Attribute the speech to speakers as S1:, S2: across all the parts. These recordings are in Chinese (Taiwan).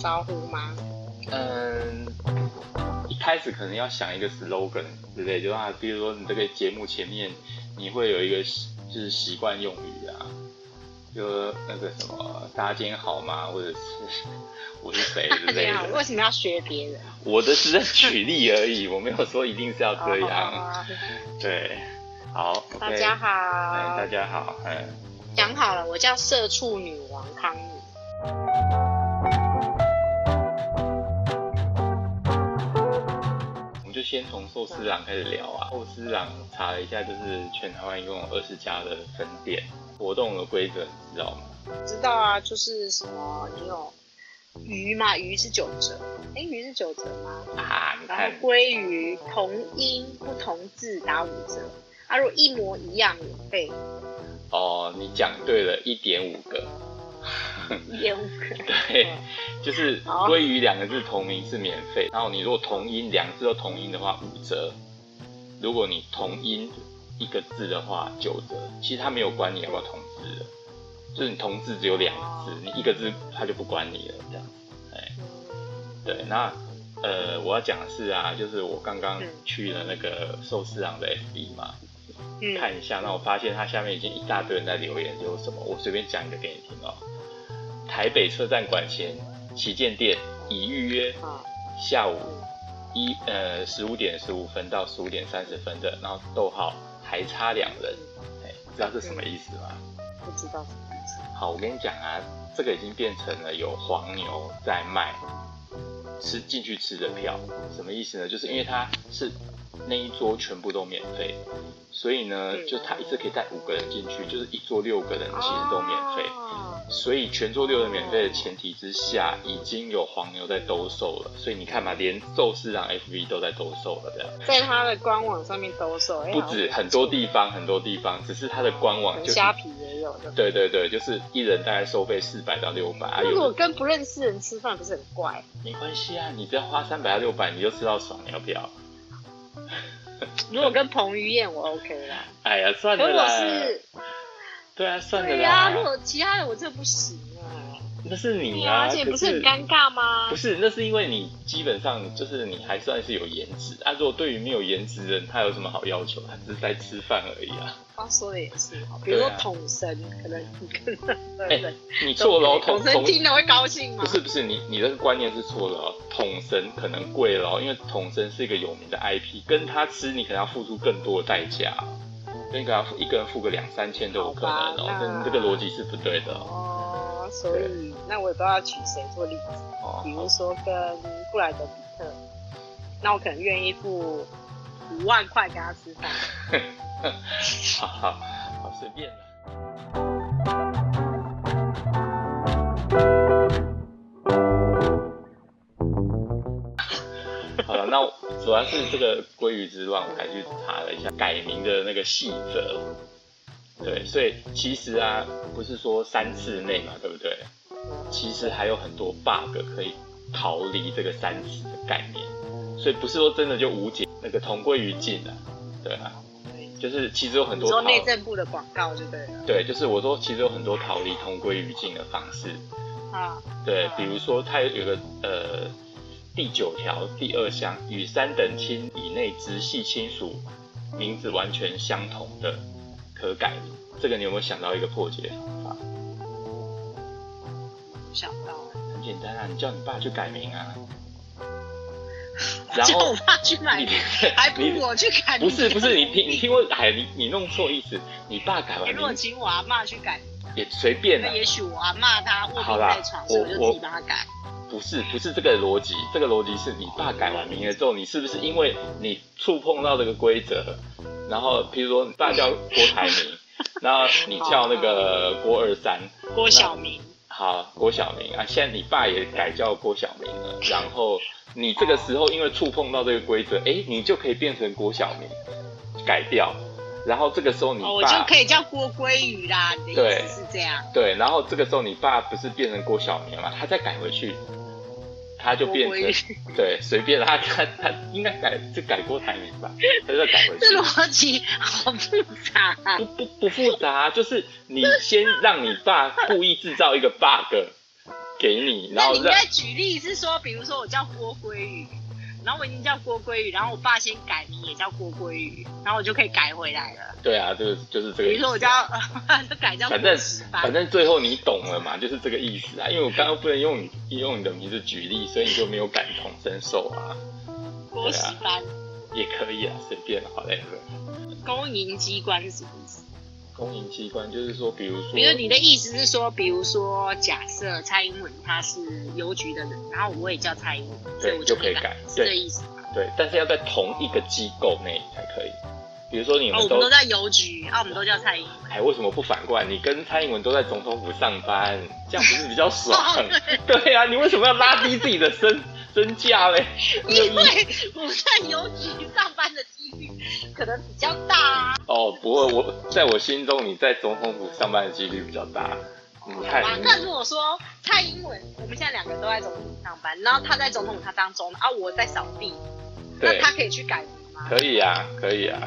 S1: 招呼嗎？嗯，嗯一開始可能要想一個 slogan，對不對？就啊，比如說你這個節目前面你會有一個就是習慣用語啊，就那個什麼大家今天好嗎，或者是我是誰之類的。 好吧為
S2: 什麼要學別人？我的是在舉
S1: 例而已， 我沒有說一定是要這樣。Oh,
S2: oh,
S1: oh, oh, oh. 對，好，okay, 大家好，欸，大家
S2: 好，大家好，哎，講好了，我叫社畜女王康。
S1: 先從壽司郎開始聊啊，壽司郎查了一下，就是全台灣一共有二十家的分店。活動的規則你知道嗎？
S2: 知道啊，就是什麼你有魚嘛，魚是九折，哎、欸，魚是九折嗎？啊，你看，然後鮭魚同音不同字打五折，啊，如果一模一樣五倍
S1: 哦，你講對了一點五個。
S2: 也無可
S1: 對，嗯、就是“鮭魚兩個字同名是免費，好然後你如果同音，兩個字都同音的話五折；如果你同音一個字的話九折。其實它沒有管你要不要同字，就是你同字只有兩個字，你一個字它就不管你了這樣。子對，對，那呃我要講的是啊，就是我剛剛去了那個壽司郎的 FB 嘛，嗯、看一下，那我發現它下面已經一大堆人在留言，就是什麼，我隨便講一個給你聽哦、喔。台北車站館前旗艦店已預約，好下午一呃十五點十五分到十五點三十分的，然後逗號還差兩人，你、欸、知道是什麼意思嗎、嗯？不知道什麼意思。好，我跟你講啊，這個已經變成了有黃牛在賣，吃進去吃的票，什麼意思呢？就是因為它是。那一桌全部都免費，所以呢，就他一次可以帶五個人進去，嗯、就是一桌六個人其實都免費。啊、所以全桌六人免費的前提之下，已經有黃牛在兜售了。所以你看嘛，連壽司郎 F V 都在兜售了，這樣。
S2: 在他的官網上面兜售。欸、不止很
S1: 多地方，很多地方，只是他的官網、就是。蝦皮
S2: 也有的。對
S1: 對對，就是一人大概收費四百到六百、嗯。啊、如果
S2: 跟不認識人吃飯，不是很怪？沒
S1: 關係啊，你只要花三百到六百，你就吃到爽，你要不要？
S2: 如果跟彭於晏，我 OK 啦。
S1: 哎呀，算了，如果是，對啊，算了，對啊，如果
S2: 其他的，我這不行。
S1: 那是你啊，啊，而且不是很尷
S2: 尬嗎？不
S1: 是，那是因為你基本上就是你還算是有顏值啊。如果對於沒有顏值的人，他有什麼好要求？他只是在吃飯而已啊。他、啊、
S2: 說的也是，比如說統神、啊可，可能你跟哎，你錯了統、哦、統神聽了會高興嗎？不是
S1: 不是，你你的觀念是錯了、哦。統神可能貴了、哦，因為統神是一個有名的 IP，跟他吃你可能要付出更多的代價、哦，所以你給他一個人付個兩三千都有可能哦。這個邏輯是不對的、哦。哦
S2: 所以，對那我也不知道要取誰做例子，哦、比如說跟布萊德彼特，那我可能願意付五萬塊給他
S1: 吃飯。好好好，隨便的。 好了，那我主要是這個《鮭魚之亂》， 我還去查了一下改名的那個細則。對，所以其實啊，不是說三次內嘛，對不對？其實還有很多 bug 可以逃離這個三次的概念，所以不是說真的就無解那個同歸於盡了，啊，對啊，對就是其實有很多。說內
S2: 政部的廣告就對了。
S1: 對，就是我說其實有很多逃離同歸於盡的方式。啊。對，比如說它有個呃第九條第二項，與三等親以內直系親屬名字完全相同的。可改名，這個你有沒有想到一個破解的方法？不，想不到、欸，很簡單啊，你叫你爸去改名啊。然後叫我爸
S2: 去買你，還逼我去改名你？名你？不是不是，你
S1: 聽你聽過？你、哎、你，你弄錯意思，你爸改完名。你、欸、若我
S2: 請我阿媽去改
S1: 名、啊，也隨便、啊。那也
S2: 許我阿媽她臥病在床上，所吧我，我就自己幫他改。
S1: 不是不是這個邏輯，這個邏輯是你爸改完名了之後，你是不是因為你觸碰到這個規則，然後比如說你爸叫郭台銘， 然後你叫那個郭二三， 郭小明，好，郭小明啊，現在你爸也改叫郭小明了， 然後你這個時候因為觸碰到這個規則，哎，你就可以變成郭小明，改掉，然後這個時候你爸、哦、我可以
S2: 叫郭鮭魚啦，對是這樣對，
S1: 對，然後這個時候你爸不是變成郭小明了，他再改回去。他就變成，對，隨便他他他應該改就改郭台銘吧，他就改回去了。這邏輯好複雜啊，不，不不不複雜啊，就是你先讓你爸故意制造一個 bug 給你，然後你應該舉
S2: 例是說，比如說我叫郭輝宇。然後我已經叫郭鮭魚，然後我爸先改名也叫郭鮭魚，然後我就可以改回來了。
S1: 對啊，就是就是這個意思、啊。
S2: 比如說我叫，都改叫。反正反正
S1: 最後你懂了嘛，就是這個意思啊。因為我剛剛不能用 用你的名字舉例，所以你就沒有感同身受啊。
S2: 郭喜班、
S1: 啊、也可以啊，隨便啊，好嘞。
S2: 公營機關是什麼意思？
S1: 公營機關就是說，比如說，比如你的
S2: 意思是說，比如說，假設蔡英文他是郵局的人，然後我也叫蔡英文，對，我就可以改，就可以改是這意
S1: 思嗎？對？對，但是要在同一個機構內才可以。比如說你們都，哦、我們都在
S2: 郵局，啊、哦，我們都叫蔡英
S1: 文。哎，為什麼不反過來？你跟蔡英文都在總統府上班，這樣不是比較爽？ 哦、對，對啊，你為什麼要拉低自己的身 身價嘞？因為
S2: 我在郵局上班的幾率。可能比較大、
S1: 啊、哦，不過我在我心中，你在總統府上班的幾率比較大。
S2: 不太、嗯，那如果說蔡英文，我們現在兩個都在總統府上班，然後他在總統府他當中啊，我在掃地，對那他可以去改名嗎？
S1: 可以啊，可以啊。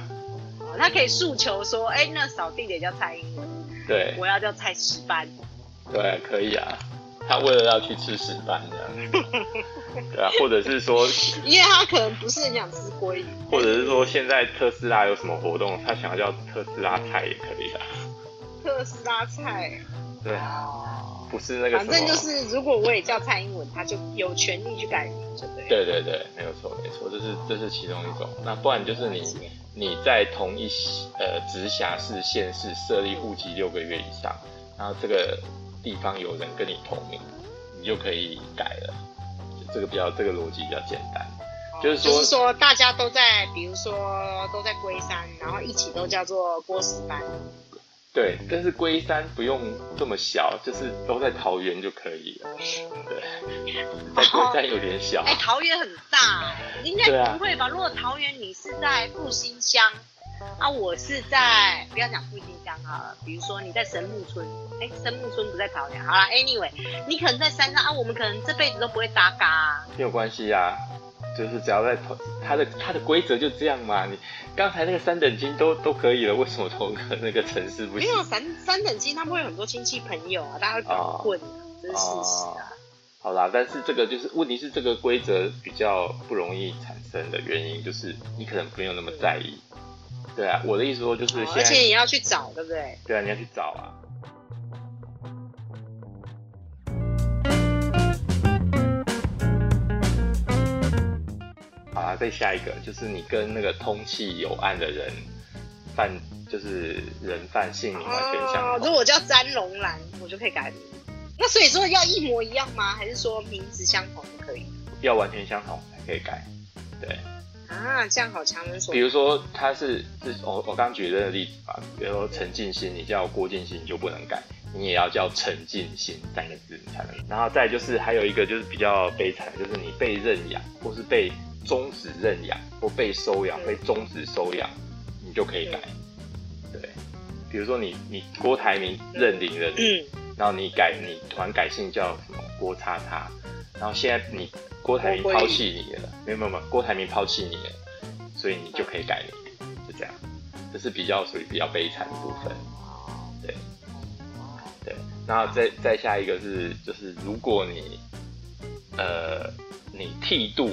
S2: 哦，他可以訴求說，哎、欸，那掃地也叫蔡英文，對，我要叫蔡石斑，
S1: 對，可以啊。他為了要去吃屎飯，這樣，
S2: 對啊，或者是說，因為他可能不是很想吃鮭，
S1: 或者是說，現在特斯拉有什麼活動，他想要叫特斯拉菜也可以的，嗯。特
S2: 斯拉菜對
S1: 啊，不是那個。反正就是，
S2: 如果我也叫蔡英文，他就有權利去改名，對不對？對
S1: 對對，沒有錯，沒錯，這是這是其中一種。那不然就是你且你在同一呃直轄市、縣市設立戶籍六個月以上，然後這個。地方有人跟你同名，你就可以改了。這個比較，這個邏輯比較簡單，哦、就是說，就是說
S2: 大家都在，比如說，都在龜山，然後一起都叫做郭思班。
S1: 對，但是龜山不用這麼小，就是都在桃園就可以了。嗯、對，哦、 在龜山有點小。哎、哦
S2: 欸，桃園很大 應該不會吧？啊、如果桃園你是在復興鄉。啊，我是在不要講復興鄉啊了，比如說你在神木村，哎，神木村不在桃園，好了，Anyway，你可能在山上啊，我們可能這輩子都不會搭嘎、
S1: 啊，沒有關係啊，就是只要在他它的它的規則就這樣嘛。你剛才那個三等親都都可以了，為什麼同一個那個城市不行？沒有
S2: 三三等親，他們會有很多親戚朋友啊，大家會搞混、啊，這、
S1: 哦、是事實啊、哦。好啦，但是這個就是問題是這個規則比較不容易產生的原因，就是你可能不用那麼在意。對啊，我的意思說就是、哦，而且你
S2: 要去找，對不
S1: 對？對啊，你要去找啊。好啦，再下一個就是你跟那個通緝有案的人犯，就是人犯姓名完全相
S2: 同。哦、如果我叫詹龍蘭，我就可以改名。那所以說要一模一樣嗎？還是說名字相同就可
S1: 以？要完全相同才可以改，對。
S2: 啊，這樣好強人所。比如說，
S1: 他是是我，我我剛舉的那個例子吧，比如說陳建新，你叫郭建新，你就不能改，你也要叫陳建新三個字你才能改。然後再就是還有一個就是比較悲慘，就是你被認養或是被終止認養或被收養、嗯、被終止收養，你就可以改。嗯、對，比如說你你郭台銘認領了，嗯、然後你改你突然改姓叫什麼郭叉叉，然後現在你。郭台銘拋棄你了，魚沒有沒有，郭台銘拋棄你了，所以你就可以改名，是這樣。這是比較屬於比較悲慘的部分。哦，對，對。然後再，再再下一個是，就是如果你，呃，你剃度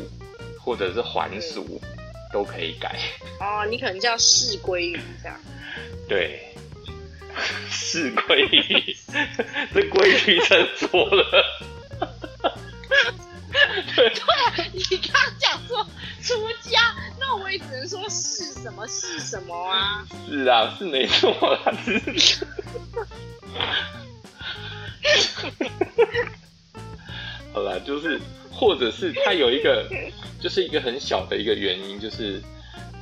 S1: 或者是還俗，嗯、都可以改。
S2: 哦，你可能叫釋鮭魚這
S1: 樣。對，釋鮭魚， 這鮭魚成錯了。 說是什麼是什麼啊？是啊，是沒錯啦。只是，哈 好了，就是，或者是他有一個， 就是一個很小的一個原因，就是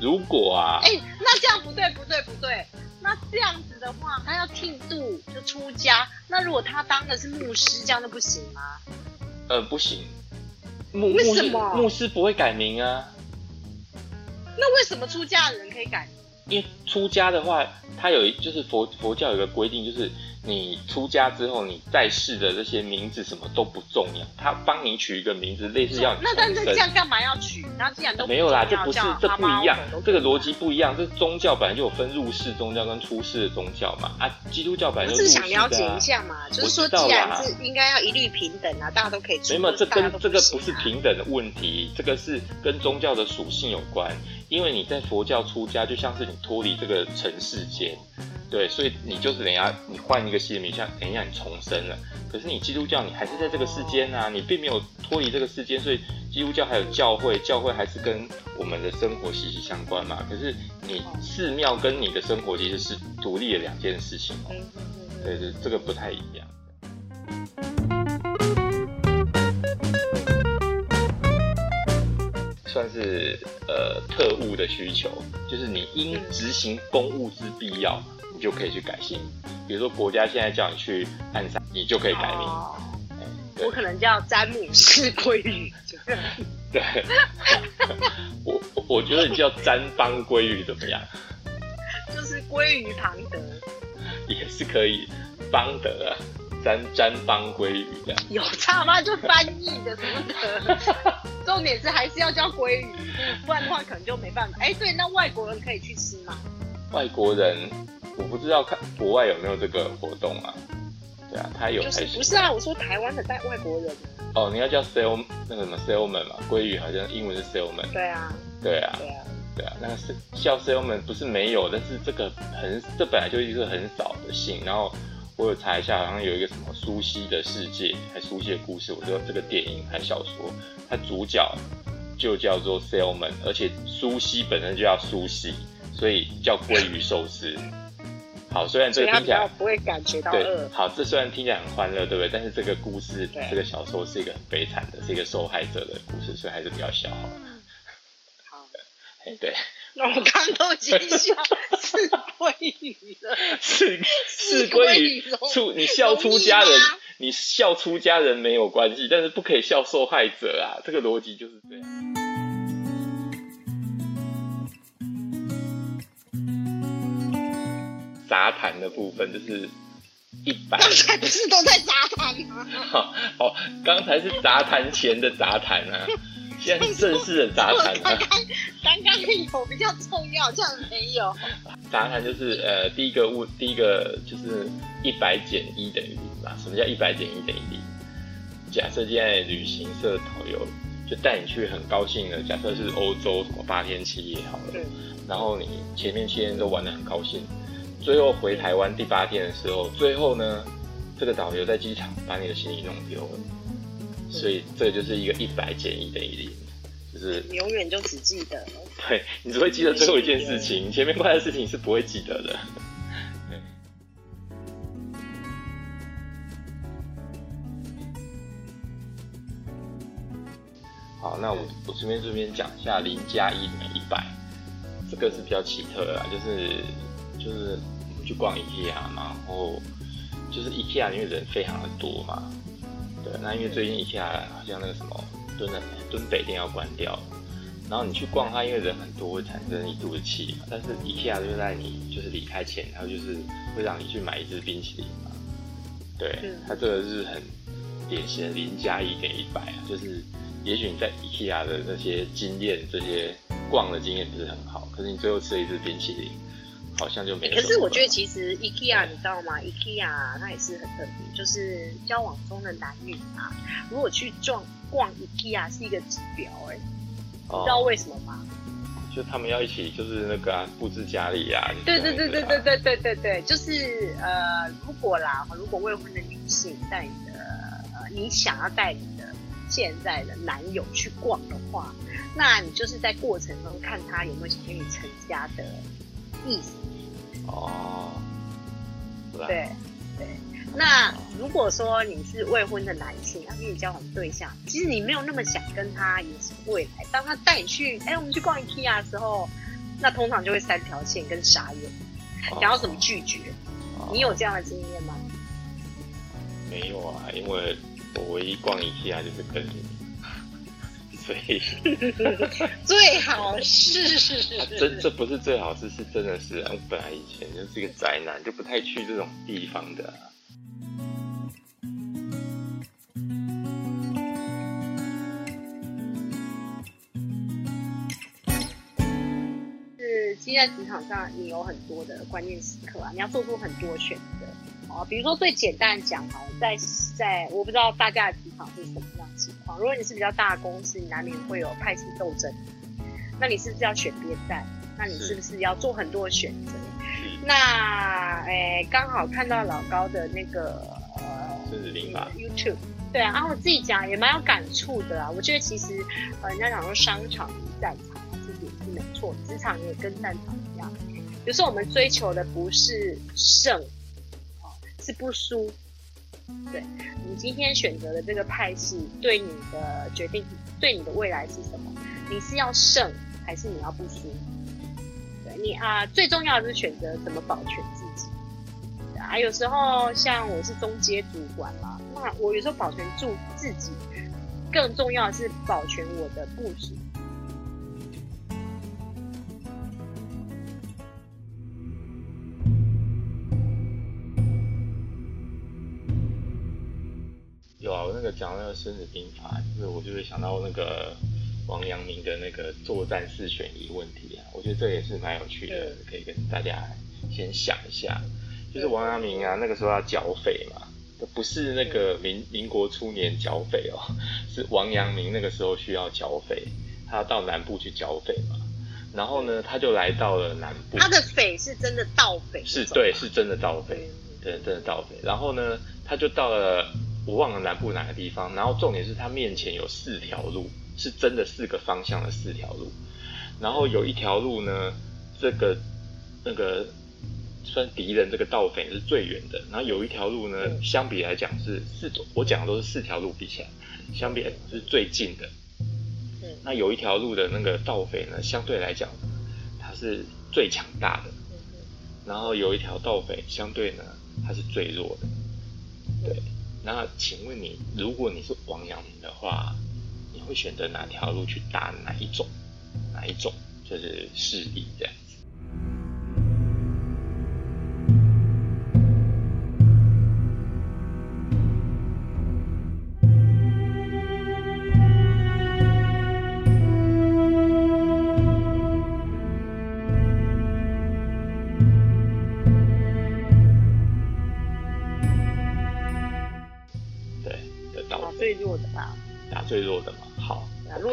S1: 如果啊，哎、欸，
S2: 那這樣不對，不對，不對，那這樣子的話，他要剃度就出家，那如果他當的是牧師，這樣就不行嗎？
S1: 呃，不行，牧牧師牧師不會改名啊。那為什麼出家的人可以改？因為出家的話，他有一就是佛佛教有個規定，就是你出家之後，你在世的這些名字什麼都不重要，他幫你取一個名字，類似要你、嗯、那但是這，這樣
S2: 幹嘛要取？那既然都不重要、啊、沒有啦，這不是這不一樣，
S1: 這個邏輯不，不一樣。這宗教本來就有分入世宗教跟出世的宗教嘛，啊，基督教本來就入世的、啊、是想了解一下
S2: 嘛，就是說既然是應該要、啊、要一律平等啊，大家都可以沒有嘛，這跟、啊、這個不是平
S1: 等的問題，這個是跟宗教的屬性有關。因為你在佛教出家，就像是你脫離這個塵世間，對，所以你就是等一下你換一個姓名，像等一下你重生了。可是你基督教，你還是在這個世間啊，你並沒有脫離這個世間，所以基督教還有教會，教會還是跟我們的生活息息相關嘛。可是你寺廟跟你的生活其實是獨立的兩件事情哦，對對，這個不太一樣。算是呃特務的需求，就是你因執行公務之必要，你就可以去改姓。比如說國家現在叫你去暗殺，你就可以改名。
S2: 啊，嗯、我可能叫詹姆斯鮭魚，對，
S1: 我我覺得你叫詹邦鮭魚怎麼樣？
S2: 就是鮭魚龐德
S1: 也是可以，邦德啊。沾沾方鮭魚，有差嗎？就翻譯的 什
S2: 麼的，重點是還是要叫鮭魚，不然的話可能就沒辦法。哎、欸，對，那外國人可以去吃
S1: 嗎？外國人我不知道，看國外有沒有這個活動啊。對啊，他有還、就是不
S2: 是啊？我說台灣的帶
S1: 外國人哦，你要叫 sale 那個什麼 salmon 嘛，鮭魚好像英文是 salmon。對啊，對啊，對啊，對啊，那個叫 salmon 不是沒有，但是這個很這本來就一直是很少的姓，然後。我有查一下，好像有一個什麼《蘇西的世界》還《蘇西的故事》，我覺得這個電影還小說，它主角就叫做 Salmon，而且蘇西本身就叫蘇西，所以叫鮭魚壽司。好，雖然這個聽起來比較比較
S2: 不會感覺到餓。
S1: 好，這雖然聽起來很歡樂，對不對？但是這個故事，對這個小說是一個很悲慘的，是一個受害者的故事，所以還是比較小好、嗯。好的，對。
S2: 那我剛都驚嚇死。 是是歸於出你笑出家人，
S1: 你笑出家人沒有關係，但是不可以笑受害者啊！這個邏輯就是這樣。雜談的部分就是一百，剛
S2: 才不是都在雜談嗎？
S1: 好，好，剛才是雜談前的雜談啊。 現在是正式的雜談。剛剛
S2: 剛剛有比較重要，這樣沒有。
S1: 雜談就是呃，第一個物，第一個就是一百減一等於零，嗯、什麼叫一百減一等於零？假設現在旅行社的導遊就帶你去，很高興的，假設是歐洲什麼八天七夜好了。對然後你前面七天都玩得很高興，最後回台灣第八天的時候，最後呢，這個導遊在機場把你的行李弄丟了。所以、嗯、這就是一個一百減一等於零，0, 就是
S2: 永遠就只記得，
S1: 對,只得對你只會記得最後一件事情，前面過的事情你是不會記得的。 好，那我是我順便順便講一下零加一等於一百，100, 這個是比較奇特的啦，就是就是我們去逛 IKEA 嘛，然後就是 IKEA 因為人非常的多嘛。那因為最近 IKEA 好像那個什麼，敦在敦北店要關掉，然後你去逛它，因為人很多，會產生一肚子氣。但是 IKEA 就在你就是離開前，它就是會讓你去買一支冰淇淋嘛。對，嗯、它這個是很典型的零加一等於一百啊，就是也許你在 IKEA 的那些經驗、這些逛的經驗不是很好，可是你最後吃了一支冰淇淋。好像就沒、欸。可是我覺得其
S2: 實 IKEA 你知道嗎對？IKEA 它也是很特別，就是交往中的男女啊，如果去撞逛逛 IKEA 是一個指標，欸，哎、哦，
S1: 你知道為什麼嗎？就他們要一起，就是那個、啊、佈置家裡呀、啊。對對對對
S2: 對對對對對，就是呃，如果啦，如果未婚的女性帶你的、呃，你想要帶你的現在的男友去逛的話，那你就是在過程中看他有沒有想跟你成家的。意思哦，對對那、哦、如果說你是未婚的男性、啊，要跟你交往的對象，其實你沒有那麼想跟他有未來。當他帶你去，哎、欸，我們去逛 IKEA 的時候，那通常就會三條線跟傻眼，哦、想要怎麼拒絕？哦、你有這樣的經驗嗎、哦哦？
S1: 沒有啊，因為我唯一逛 IKEA 就是跟你。
S2: 對， 最好是是是是，啊，這是，這
S1: 不是最好是是，真的是我，啊、本來以前就是一個宅男，就不太去這種地方的，啊。是，因為在
S2: 職場上，你有很多的關鍵時刻啊，你要做出很多選擇。比如說最簡單的講，好，在在我不知道大家的職場是什麼樣情況。如果你是比較大的公司，你難免會有派系鬥爭，那你是不是要選邊站？那你是不是要做很多的選擇？是那哎、欸、剛好看到老高的那個呃是
S1: 是
S2: YouTube，對啊，然後我自己講也蠻有感觸的啊。我覺得其實呃，人家講說商場比戰場，其實也是沒錯，職場也跟戰場一樣。比如說我們追求的不是勝。是不輸，對你今天選擇的這個派系，對你的決定，對你的未來是什麼？你是要勝，還是你要不輸？對你啊，最重要的是選擇怎麼保全自己。啊，有時候像我是中階主管嘛，那、啊、我有時候保全住自己，更重要的是保全我的部屬。
S1: 那個講那個《孫子兵法》，就是我就會想到那個王陽明的那個作戰四選一問題、啊、我覺得這也是蠻有趣的，嗯、可以跟大家先想一下。就是王陽明啊，那個時候要剿匪嘛，不是那個民、嗯、民國初年剿匪哦，是王陽明那個時候需要剿匪，他要到南部去剿匪嘛。然後呢，他就來到了南部，他的
S2: 匪是真的盜匪是，是對，
S1: 是真的盜匪，嗯、對，真的盜匪。然後呢，他就到了。我忘了南部哪個地方，然後重點是他面前有四條路，是真的四個方向的四條路，然後有一條路呢，這個那個雖然敵人這個盜匪是最遠的，然後有一條路呢，嗯、相比來講是四，我講的都是四條路比起來，相比來講是最近的，嗯、那有一條路的那個盜匪呢，相對來講，他是最強大的，然後有一條盜匪相對呢，他是最弱的，對。那請問你，如果你是王陽明的話，你會選擇哪條路去打哪一種？哪一種就是勢力這樣。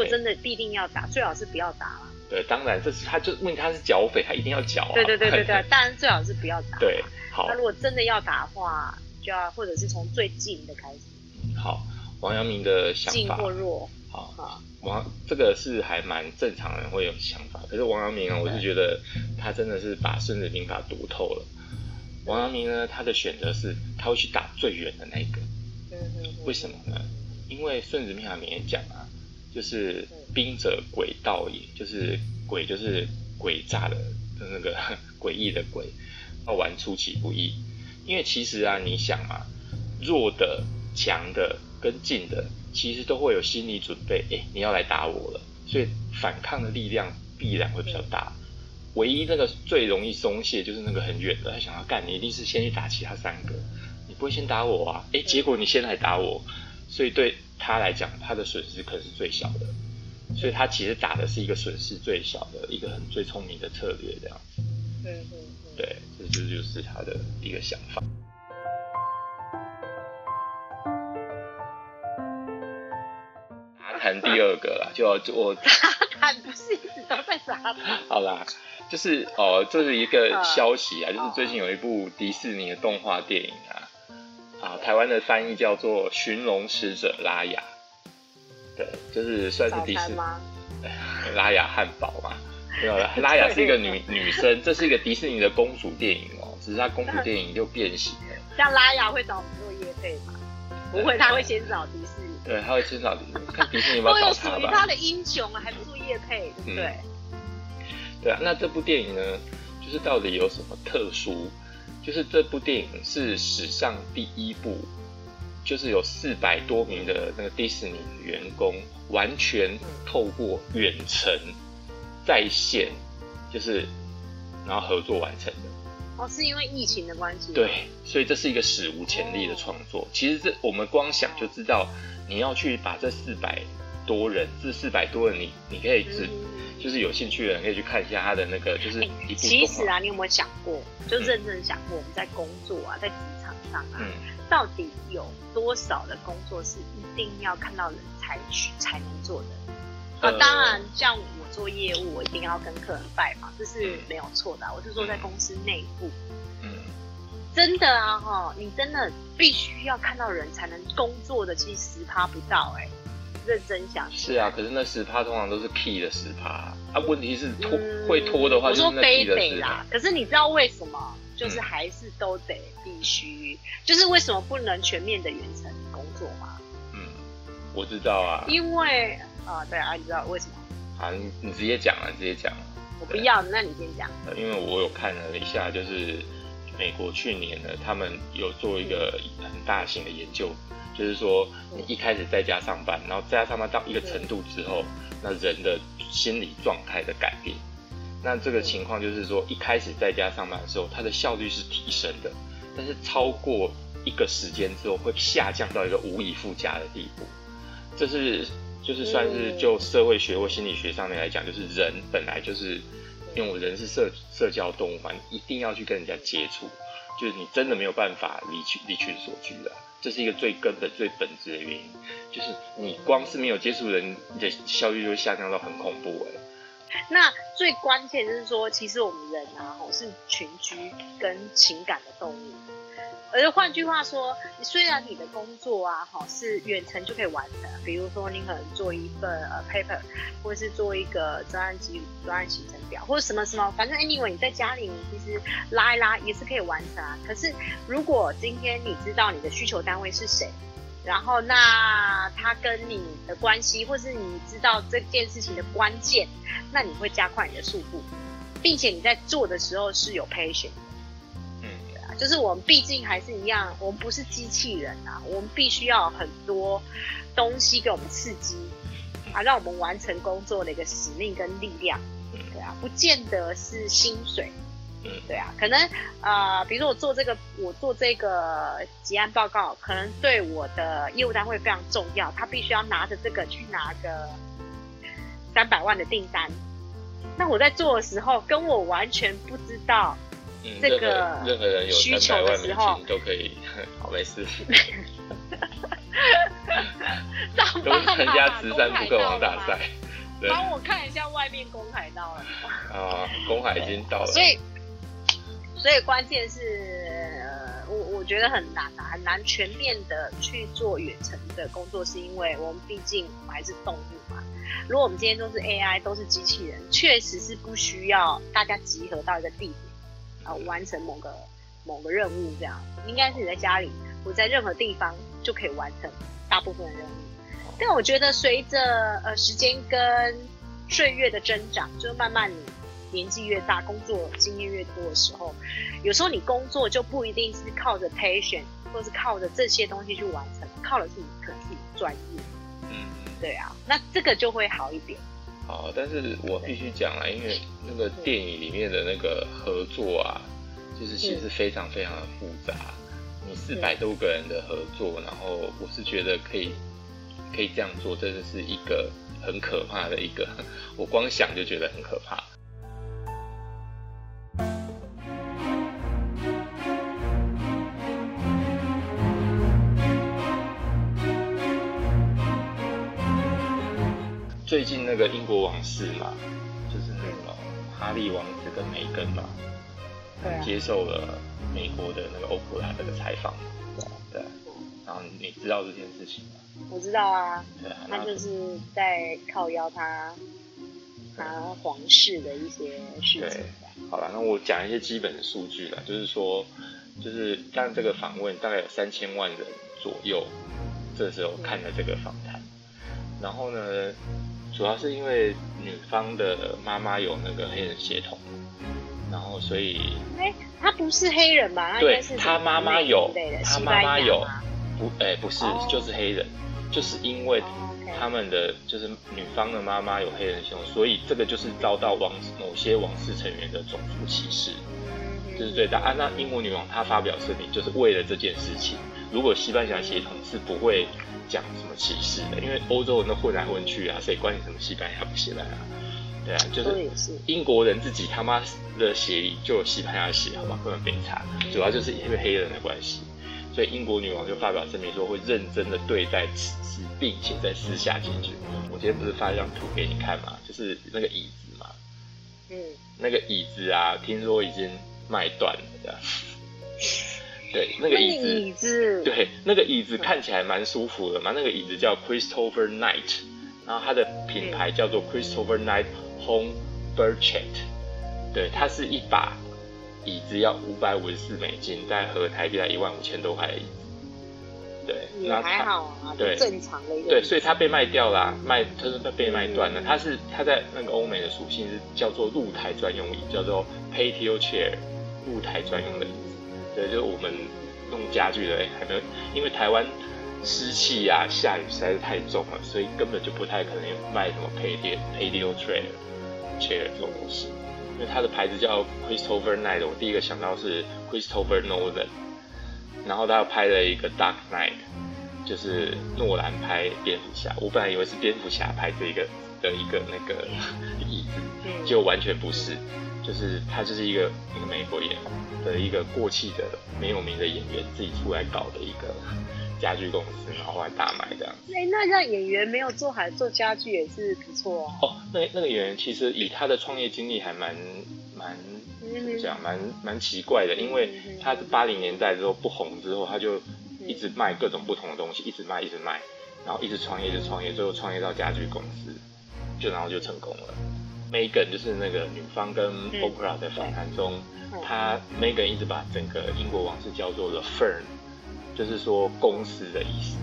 S2: 真的必定要打，最好是不要打
S1: 了。對，當然這是他就，就因為他是剿匪，他一定要剿，啊。對對對對
S2: 當然 最好是不要打。對，好。他如果真的要打的話，就要或者是從最近的開
S1: 始。好，王陽明的想法。近或
S2: 弱。好，好
S1: 王這個是還蠻正常人會有想法，可是王陽明啊，對我是覺得他真的是把《孫子兵法》讀透了。對王陽明呢，他的選擇是他會去打最遠的那一個。對對，對，對對。為什麼呢？因為《孫子兵法》裡面講啊。就是兵者詭道也，就是詭就是詭詐的，那個詭異的詭，要玩出其不意。因為其實啊，你想嘛、啊，弱的、強的、跟近的，其實都會有心理準備，哎、欸，你要來打我了，所以反抗的力量必然會比較大。唯一那個最容易鬆懈就是那個很遠的，他想要幹，你一定是先去打其他三個，你不會先打我啊，哎、欸，結果你先來打我。所以對他來講，他的損失可能是最小的，所以他其實打的是一個損失最小的一個很最聰明的策略這樣子。嗯、對對，對，對，這就是他的一個想法。他 談第二個了，就要做。他
S2: 談不是一直都在打。
S1: 好啦，就是哦，這、就是一個消息啊，就是最近有一部迪士尼的動畫電影。啊，台灣的翻譯叫做《尋龍使者拉雅》，對，就是算是迪士
S2: 尼，
S1: 嗎？拉雅漢堡嘛。對啊， 拉雅是一個女 女生，這是一個迪士尼的公主電影哦。只是她公主電影又變形了。
S2: 像拉雅會找我們做業配嗎？不會對，她對會先找迪
S1: 士尼。對，她會先找迪士尼，看迪士尼她吧。都有屬於他的
S2: 英雄，還不做業配，
S1: 對不對、嗯？對啊，那這部電影呢，就是到底有什麼特殊？就是這部電影是史上第一部，就是有四百多名的那個迪士尼員工完全透過遠程在線，就是然後合作完成的。
S2: 哦，是因為疫情的關係？對，
S1: 所以這是一個史無前例的創作。其實這我們光想就知道，你要去把這四百多人至四百多人，你，你你可以是、嗯、就是有興趣的人可以去看一下他的那個，就是、欸、其實啊，
S2: 你有沒有想過，就認真想過，嗯、我們在工作啊，在職場上啊，嗯、到底有多少的工作是一定要看到人才去才能做的？
S1: 嗯、啊，當然，
S2: 像我做業務，我一定要跟客人拜訪嘛，這是沒有錯的。我是說，在公司內部嗯，嗯，真的啊，哈，你真的必須要看到人才能工作的，其實十趴不到、欸，哎。認真想是
S1: 啊，可是那十趴通常都是 key 的十趴，啊，嗯、啊，問題是拖、嗯、會拖的話就的，我說非得啦。
S2: 可是你知道為什麼？就是還是都得必須，嗯、就是為什麼不能全面的遠程工作嗎？
S1: 嗯，我知道啊，因
S2: 為啊，對啊，你知道為什
S1: 麼？啊你，你直接講啊，你直接講。
S2: 我不要，那你先
S1: 講。因為我有看了一下，就是美國去年呢，他們有做一個很大型的研究。嗯就是說，你一開始在家上班，然後在家上班到一個程度之後，那人的心理狀態的改變。那這個情況就是說，一開始在家上班的時候，它的效率是提升的，但是超過一個時間之後，會下降到一個無以復加的地步。這是就是算是就社會學或心理學上面來講，就是人本來就是，因為人是社社交動物嘛，你一定要去跟人家接觸，就是你真的沒有辦法離群離群索居的、啊。這是一個最根本、最本質的原因，就是你光是沒有接觸人，你的效率就會下降到很恐怖哎。
S2: 那最關鍵就是說，其實我們人啊，是群居跟情感的動物。可是換句話說，你雖然你的工作啊，哈、哦，是遠程就可以完成，比如說你可能做一份呃 paper，或是做一個專案基專案行程表，或者什麼什麼，反正 anyway 你，你在家裡你其實拉一拉也是可以完成啊。可是如果今天你知道你的需求單位是誰，然後那他跟你的關係，或是你知道這件事情的關鍵，那你會加快你的速度，並且你在做的時候是有 patient。就是我們畢竟還是一樣，我們不是機器人啊，我們必須要很多東西給我們刺激啊，讓我們完成工作的一個使命跟力量。對啊，不見得是薪水。對啊，可能啊、呃，比如說我做這個，我做這個結案報告，可能對我的業務單位非常重要，他必須要拿着這個去拿個三百萬的訂單。那我在做的時候，跟我完全不知道。嗯，
S1: 這
S2: 個任何人有三百萬美金的時候都可以，好，沒事。都參加慈善撲克王大
S1: 賽，幫
S2: 我看一下外面公海到了
S1: 啊，公海已經到了，所以
S2: 所以關鍵是，我我覺得很難、啊，很難全面的去做遠程的工作，是因為我們畢竟我們還是動物嘛。如果我們今天都是 AI，都是機器人，確實是不需要大家集合到一個地點。呃、完成某個某個任務，這樣應該是你在家裡，我在任何地方就可以完成大部分的任務。但我覺得隨着呃時間跟歲月的增長，就慢慢你年紀越大，工作經驗越多的時候，有時候你工作就不一定是靠着 patient 或是靠着這些東西去完成，靠的是你可自己可專業。嗯，對啊，那這個就會好一點。
S1: 好，但是我必須講啦，因為那個電影裡面的那個合作啊，就是其實非常非常的複雜，你四百多個人的合作，然後我是覺得可以，可以這樣做，真的是一個很可怕的一個，我光想就覺得很可怕。最近那個英國王室嘛，就是那個哈利王子跟梅根嘛，啊、接受了美國的那個 Oprah 那個採訪，對對，然後你知道這件事情嗎？
S2: 我知道啊，對啊，他就是在靠邀他，他皇室的一些事情。
S1: 對，對對好了，那我講一些基本的數據啦，就是說，就是像這個訪問大概有三千萬人左右這時候看了這個訪談，對然後呢，主要是因為女方的媽媽有那個黑人血統，然後所以哎，
S2: 她、欸、不是黑人吧？他對，她媽媽有，她媽媽有，
S1: 不，哎、欸，不是，就是黑人，就是因為他們的就是女方的媽媽有黑人血統，哦 okay，所以這個就是遭到王某些王室成員的種族歧視，嗯、就是對待啊，那英國女王她發表聲明就是為了這件事情。如果西班牙協同是不會講什麼歧視的，因為歐洲人都混來混去啊，所以關你什麼西班牙不起來啊，對啊，就是英國人自己他媽的協議就有西班牙寫好吧，根本沒差，主要就是因為黑人的關係，所以英國女王就發表聲明說會認真的對待此事，並且在私下解決。我今天不是發了一張圖給你看嗎？就是那個椅子嘛，嗯，那個椅子啊，聽說已經賣斷了。 對那個椅子，椅子對那個椅子看起來蠻舒服的嘛。呵呵，那個椅子叫 Christopher Knight，然後它的品牌叫做 Christopher Knight Home Birchett。對，它是一把椅子，要五百五十四美金，在合台幣來一萬五千多塊的椅子。對，還好啊，對正常
S2: 的椅子。對，所以它
S1: 被賣掉了啊，賣，它是被賣斷了。它是它在那個歐美的屬性是叫做露台專用椅，叫做 Patio Chair 露台專用的椅子。對，就是我們弄家具的，還沒有，因為台灣濕氣啊，下雨實在是太重了，所以根本就不太可能賣什麼 patio、patio 椅、chair 這種東西。因為它的牌子叫 Christopher Knight，我第一個想到是 Christopher Nolan，然後他又拍了一個 Dark Knight。就是諾蘭拍蝙蝠俠，我本來以為是蝙蝠俠拍這一個的一個那個椅子，就完全不是，就是他就是一個一個美國演的一個過氣的沒有名的演員自己出來搞的一個家具公司，然後來大賣這樣子，
S2: 欸。那讓演員沒有做好做家具也是不錯
S1: 哦、啊。哦，那那個演員其實以他的創業經歷還蠻蠻這蠻蠻奇怪的，因為他是八零年代之後不紅之後他就。一直賣各種不同的東西，一直賣，一直賣，然後一直創業，一直創業，最後創業到家具公司，就然後就成功了。Megan 就是那個女方跟 Oprah 的訪談中，嗯、她 Megan、嗯、一直把整個英國王室叫做 The Firm，就是說公司的意思。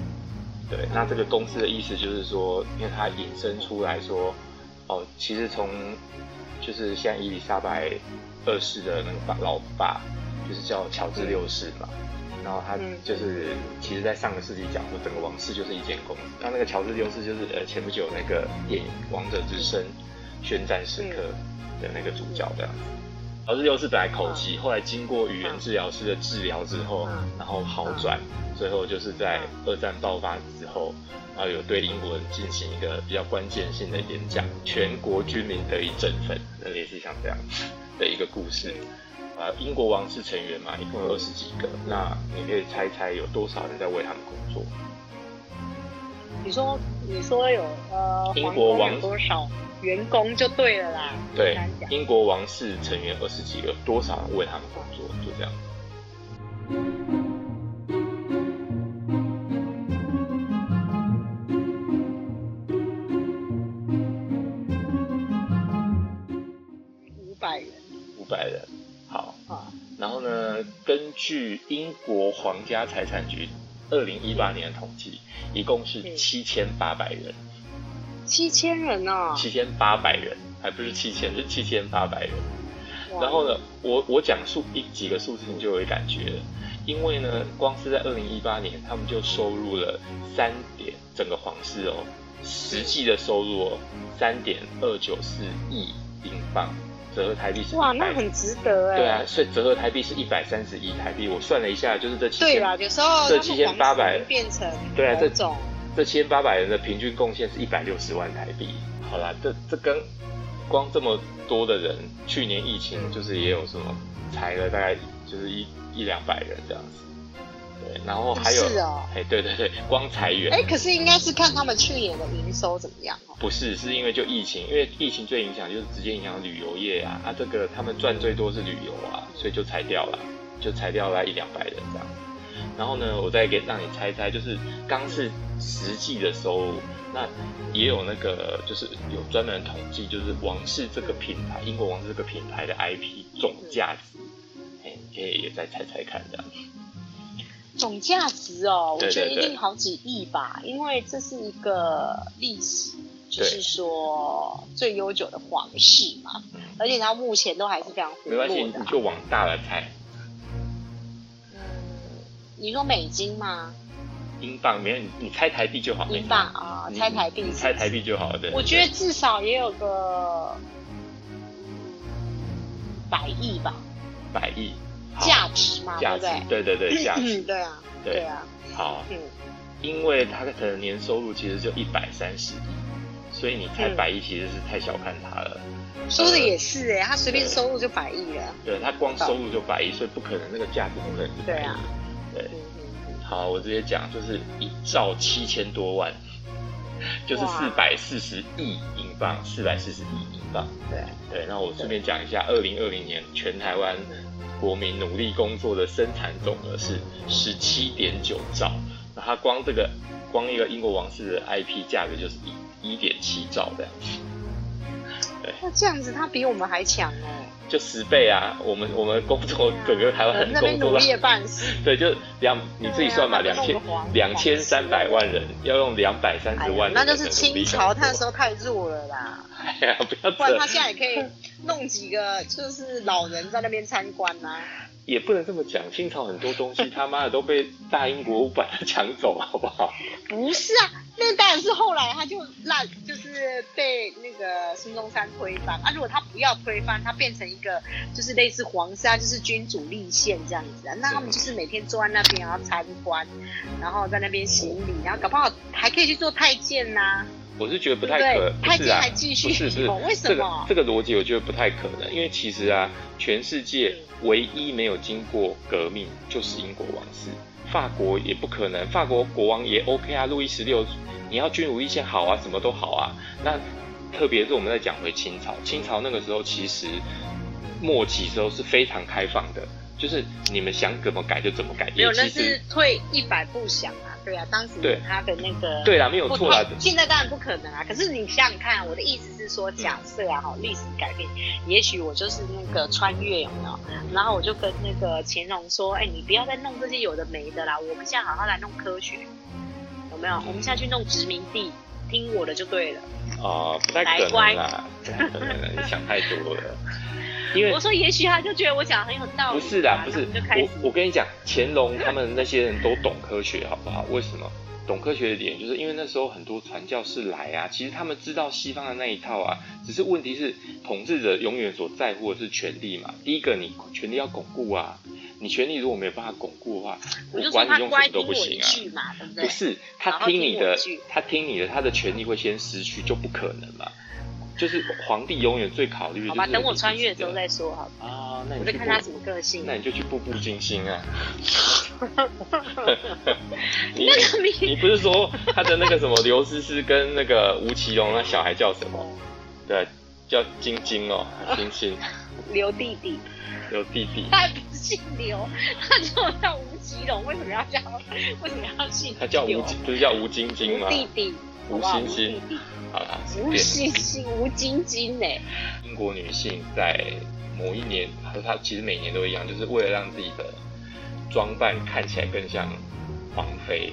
S1: 對，那這個公司的意思就是說，因為它引申出來說，哦，其實從就是像伊麗莎白二世的那個老爸，就是叫喬治六世嘛。然後他就是，其實，在上個世紀講過整個王室就是一間公司。他那個喬治六世就是，呃，前不久那個電影《王者之聲》宣戰時刻的那個主角這樣。喬治六世本來口疾，後來經過語言治療師的治療之後，然後好轉，最後就是在二戰爆發之後，然、呃、後有對英國人進行一個比較關鍵性的演講，全國軍民得以振奮，那也是像這樣的一個故事。啊，英國王室成員嘛，一共有二十幾個，那你可以猜猜有多少人在為他們工作？你
S2: 說，你說有呃，英國王有多少員工就對了啦。對，
S1: 英國王室成員二十幾個，多少人為他們工作？就這樣。據英國皇家財產局二零一八年的統計，一共是七千八百人、嗯，
S2: 七千人啊、哦，七
S1: 千八百人，還不是七千，是七千八百人。哇然後呢，我我講數一幾個數字你就有感覺了，因為呢，光是在二零一八年，他們就收入了三點，整個皇室哦、喔，實際的收入哦三點二九四億英鎊。折合台幣是。哇，那很值得哎！對啊，所以折合台幣是一百三十一億台幣。我算了一下，就是這七千對啦，有時候這七千八百
S2: 變成對啊，這
S1: 種，這這七千八百人的平均貢獻是一百六十萬台幣。好啦，這這跟光這麼多的人，去年疫情就是也有什麼裁了大概就是一一兩百人這樣子。然後還有，哎、哦欸，對對對，光裁員。哎、欸，
S2: 可是應該是看他們去年的營收怎麼樣啊、
S1: 哦？不是，是因為就疫情，因為疫情最影響就是直接影響旅遊業啊，啊，這個他們賺最多是旅遊啊，所以就裁掉了，就裁掉了一兩百人這樣。然後呢，我再給讓你猜猜，就是剛是實際的收入，那也有那個就是有專門統計，就是王室這個品牌，嗯、英國王室這個品牌的 IP 總價值，哎、嗯，你可以也再猜猜看這樣。
S2: 總價值哦、喔，我覺得一定好幾億吧，對對對因為這是一個歷史，對就是說最悠久的
S1: 皇室嘛，
S2: 嗯、而且它目前都還是非常活躍的、啊沒關係，
S1: 就往大了猜。
S2: 嗯，你說美金嗎？
S1: 英鎊沒有，你,你猜台幣就好。英
S2: 鎊鎊啊，猜台幣，你
S1: 猜台幣就好。對，我
S2: 覺得至少也有個百億吧。
S1: 百億。
S2: 價值嘛，對不對？對對對，價值，對啊，對
S1: 啊，好。嗯，因為他可能年收入其實就一百三十億，所以你猜百億其實是太小看他了。說的也是哎，他隨便
S2: 收入就百億
S1: 了。對他光收入就百億，所以不可能那個價值不可能是百億。對，對，好，我直接講，就是一兆七千多萬，
S2: 就是四
S1: 百四十億英鎊，四百四十億英鎊。對，對。那我順便講一下，二零二零年全台灣。國民努力工作的生產總額是十七點九兆，那它光這個光一個英國王室的 IP 價格就是一一點七兆這樣子。
S2: 對那這樣子，他比我們還強
S1: 哦、欸。就十倍啊，嗯、我們我們工作整個台灣很工作了。在那邊努力的辦事。 對，就兩、啊、你自己算嘛，兩千兩千三百萬人居要用兩百三十萬人、哎。那就是清朝他那時候
S2: 太弱了啦。哎呀，
S1: 不要。不然他現在也可
S2: 以弄幾個，就是老人在那邊參觀啊。
S1: 也不能這麼講，清朝很多東西 他媽的都被大英國把它搶走了，好
S2: 不好？不是啊，那當、個、然是後來他就讓就是被那個孫中山推翻啊。如果他不要推翻，他變成一個就是類似皇室，就是君主立憲這樣子啊，那他們就是每天坐在那邊，然後參觀，然後在那邊行禮，哦、然後搞不好還可以去做太監吶、啊。
S1: 我是覺得不太可能對，不是啊，續，不是不是，為什麼？這個這個邏輯我覺得不太可能，因為其實啊，全世界唯一沒有經過革命就是英國王室，法國也不可能，法國國王也 OK 啊，路易十六，你要君主立憲好啊，什麼都好啊。那特別是我們在講回清朝，清朝那個時候其實末期時候是非常開放的，就是你們想怎麼改就怎麼改，沒有，那是
S2: 退一百步想啊。對啊，當時他的那個對啊，沒有錯啊。現在當然不可能啊，可是你想想看，我的意思是說，假設啊，好，歷史改變，也許我就是那個穿越，有沒有？然後我就跟那個乾隆說，哎、欸，你不要再弄這些有的沒的啦，我們現在好好來弄科學，有沒有？我們現在去弄殖民地，嗯、聽我的就對
S1: 了。哦，不太可能啦，不太乖可能，你想太多了。 因為
S2: 我說，也許他就覺得我講的很有道理。不是啦，不是
S1: 我，我跟你講，乾隆他們那些人都懂科學，好不好？為什麼懂科學的點？就是因為那時候很多傳教士來啊，其實他們知道西方的那一套啊。只是問題是，統治者永遠所在乎的是權力嘛。第一個，你權力要鞏固啊，你權力如果沒有辦法鞏固的話，我管你用什麼都不行啊。對不
S2: 對？不是，他聽，聽他聽你的，
S1: 他聽你的，他的權力會先失去，就不可能嘛。就是皇帝永遠最考慮。好嗎？等我穿越的時候再說，好。啊，那你就看他什麼個性。那你就去步步驚心啊。你你不是說他的那個什麼劉詩詩跟那個吳奇隆那小孩叫什麼？對，叫晶晶哦，晶晶。劉弟弟。劉弟弟。他還不是姓劉，他就叫吳奇
S2: 隆。為什麼要叫？為什麼要
S1: 姓？他叫吳，不是叫吳晶晶嗎？弟
S2: 弟。吳晶晶，
S1: 好啦，吳晶
S2: 晶，吳晶晶誒，
S1: 英國女性在某一年和她其實每年都一樣，就是為了讓自己的裝扮看起來更像王妃，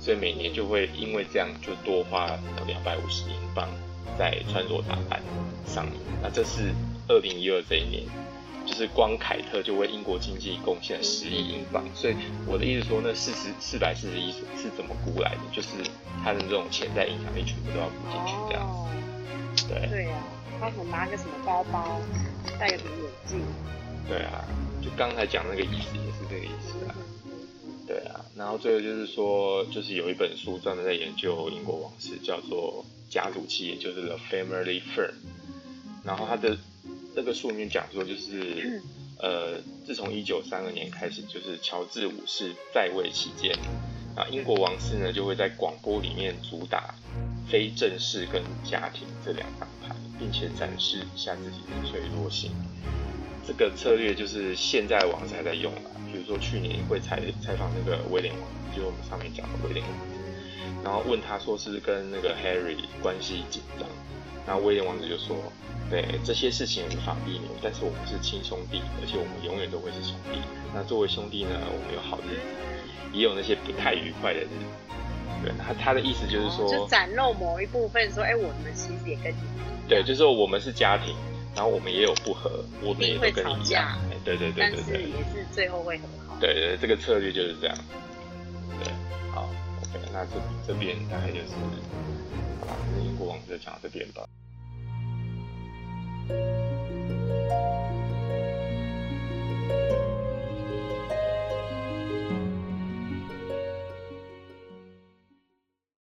S1: 所以每年就會因為這樣就多花兩百五十英鎊在穿着打扮上面。那這是二零一二這一年，就是光凱特就為英國經濟貢獻十億英鎊。所以我的意思說，那四十四百四十億是是怎麼估來的？就是。他的這種潛在影響力全部都要補進去，這樣子。Oh, 對。對啊，他可能拿個什
S2: 麼包包，戴
S1: 個什麼眼鏡。對啊，就剛才講那個意思也是這個意思啊。對啊，然後最後就是說，就是有一本書專門在研究英國王室，叫做《家族企業》，就是 The Family Firm。然後他的那個書裡面講說，就是、嗯、呃，自從一九三二年開始，就是喬治五世在位期間。那英國王室呢，就會在廣播裡面主打非正式跟家庭這兩張牌，並且展示一下自己的脆弱性。這個策略就是現在王室還在用啦，比如說去年會採採訪那個威廉王子，就是我們上面講的威廉王子，然後問他說是跟那個 Harry 關係緊張，那威廉王子就說：對，這些事情無法避免，但是我們是親兄弟，而且我們永遠都會是兄弟。那作為兄弟呢，我們有好日子。也有那些不太愉快的人，對，他他的意思就是說、哦，就展
S2: 露某一部分，說，哎、欸，我們其實也跟你們一樣，
S1: 對，就是說我們是家庭，然後我們也有不和，我們也都跟你一樣，一定會吵架，對對對對對，但是
S2: 也是最後會
S1: 很好，對，對對，這個策略就是這樣，對，好，OK，那這這邊大概就是英國王室講到這邊吧。